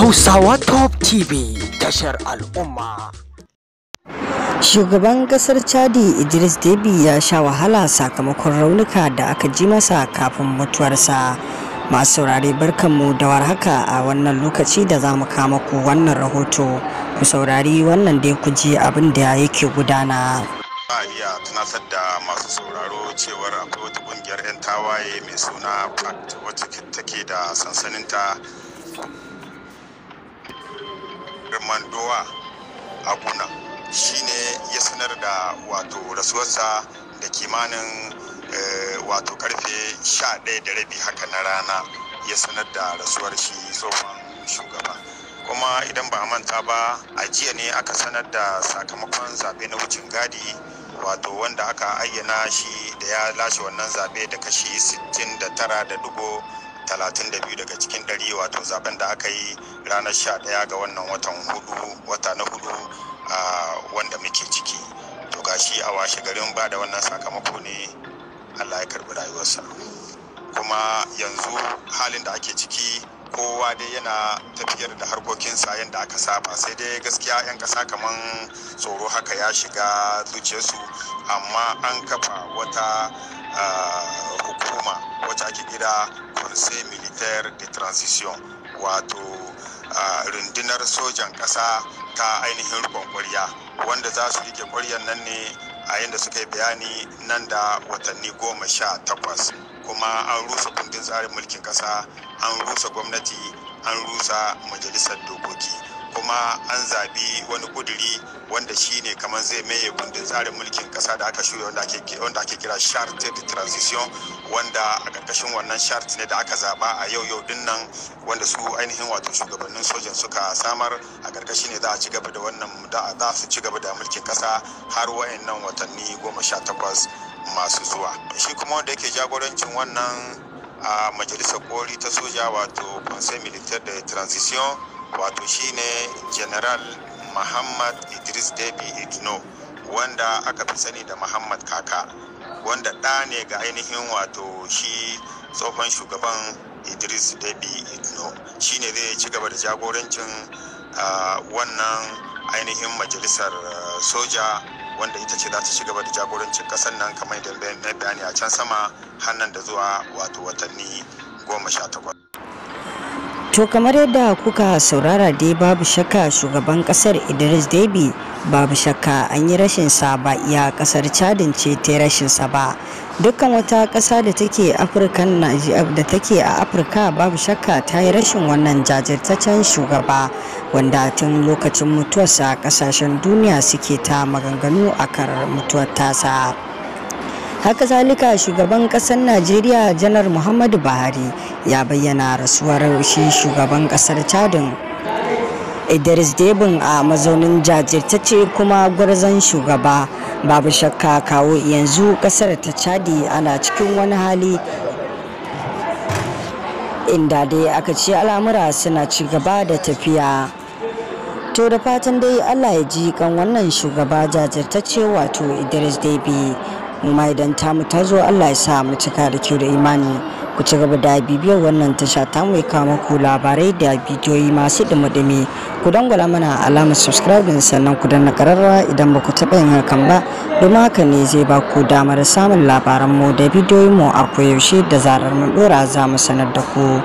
Hausawa Top TV tashar al'umma. Shugaban kasar Chadi Idris Deby ya sha wahala sakamakon raunuka da aka ji masa kafin mutuwarsa. Masu saurare barkanmu da warhaka a wannan lokaci da za mu kama ku wannan rahoto. Ku saurari wannan dai ku ji abin da yake gudana. a iya tunatar da masu sauraro cewar akwai wata ƙungiyar 'yan tawaye mai suna pact wacce take da sansaninta mandowa aguna shine ya sanar da wato rasuwarsa da kimanin eh, wato karfe 11 da rabi haka na rana ya sanar da rasuwar shi tsohon shugaba kuma idan ba a manta ba a jiya ne aka sanar da sakamakon zaɓe na wucin gadi wato wanda aka ayyana shi da ya lashe wannan zaɓe da kashi 69 da dubo 32 daga cikin 100 wato zaben da aka yi ranar 11 ga wannan watan hudu wata na hudu wanda muke ciki to gashi a washe garin ba da wannan sakamako ne allah ya karbi rayuwarsa kuma yanzu halin da ake ciki kowa dai yana tafiyar da harkokinsa yadda aka saba sai dai gaskiya 'yan ƙasa kaman tsoro haka ya shiga zuciyarsu amma an kafa wata wacce ake kira conseil militaire de transition wato rundunar sojan ƙasa ta ainihin rukon kwarya wanda za su rike kwaryar nan ne a yadda suka yi bayani nan da watanni goma sha takwas kuma an rusa kundin tsarin mulkin ƙasa an rusa gwamnati an rusa majalisar dokoki kuma an zabi wani kuduri wanda shi ne kamar zai maye gundun tsarin mulkin kasa da aka shirya wanda ake kira charte de transition wanda a ƙarƙashin wannan charte ne da aka zaba a yau yau din nan wanda su ainihin wato shugabannin sojan suka samar a ƙarƙashi ne za a ci gaba da wannan da su ci gaba da mulkin kasa har wayannan watanni goma sha takwas masu zuwa shi kuma wanda yake jagorancin wannan a majalisar kori ta soja wato conseil militaire de transition wato shine general muhammad idris debi itno wanda aka fi sani da muhammad kaka wanda ɗa ne ga ainihin wato shi tsohon shugaban idris debi itno shine zai ci gaba da jagorancin wannan ainihin majalisar soja wanda ita ce za ta ci gaba da jagorancin ƙasar nan kamar da na bayani a can sama hannan da zuwa wato watanni goma sha takwas To kamar yadda kuka saurara dai babu shakka shugaban kasar Idris Deby babu shakka an yi rashin sa ba iya kasar Chadin ce ta rashin sa ba. Dukkan wata ƙasa da take Afirka da take a Afirka babu shakka ta yi rashin wannan jajirtaccen shugaba wanda tun lokacin mutuwarsa kasashen duniya suke ta maganganu akan mutuwar tasa. haka zalika shugaban kasar najeriya janar muhammadu buhari ya bayyana rasuwar shi shugaban kasar chadin idris debin a mazaunin jajirtacce kuma gwarzon shugaba babu shakka kawo yanzu kasar ta chadi ana cikin wani hali inda dai aka ce al'amura suna ci gaba da tafiya to da fatan dai allah ya ji kan wannan shugaba jajirtacce wato idris debi mu ma idan ta ta zo Allah ya sa mu cika da kyau da imani ku ci gaba da bibiyar wannan tasha ta mu kawo muku labarai da bidiyoyi masu dumi-dumi ku dangwala mana alamar subscribe sannan ku danna kararra idan ba ku taɓa yin hakan ba domin haka ne zai ba ku damar samun labaran mu da bidiyoyin mu a koyaushe da zarar mun dora za mu sanar da ku.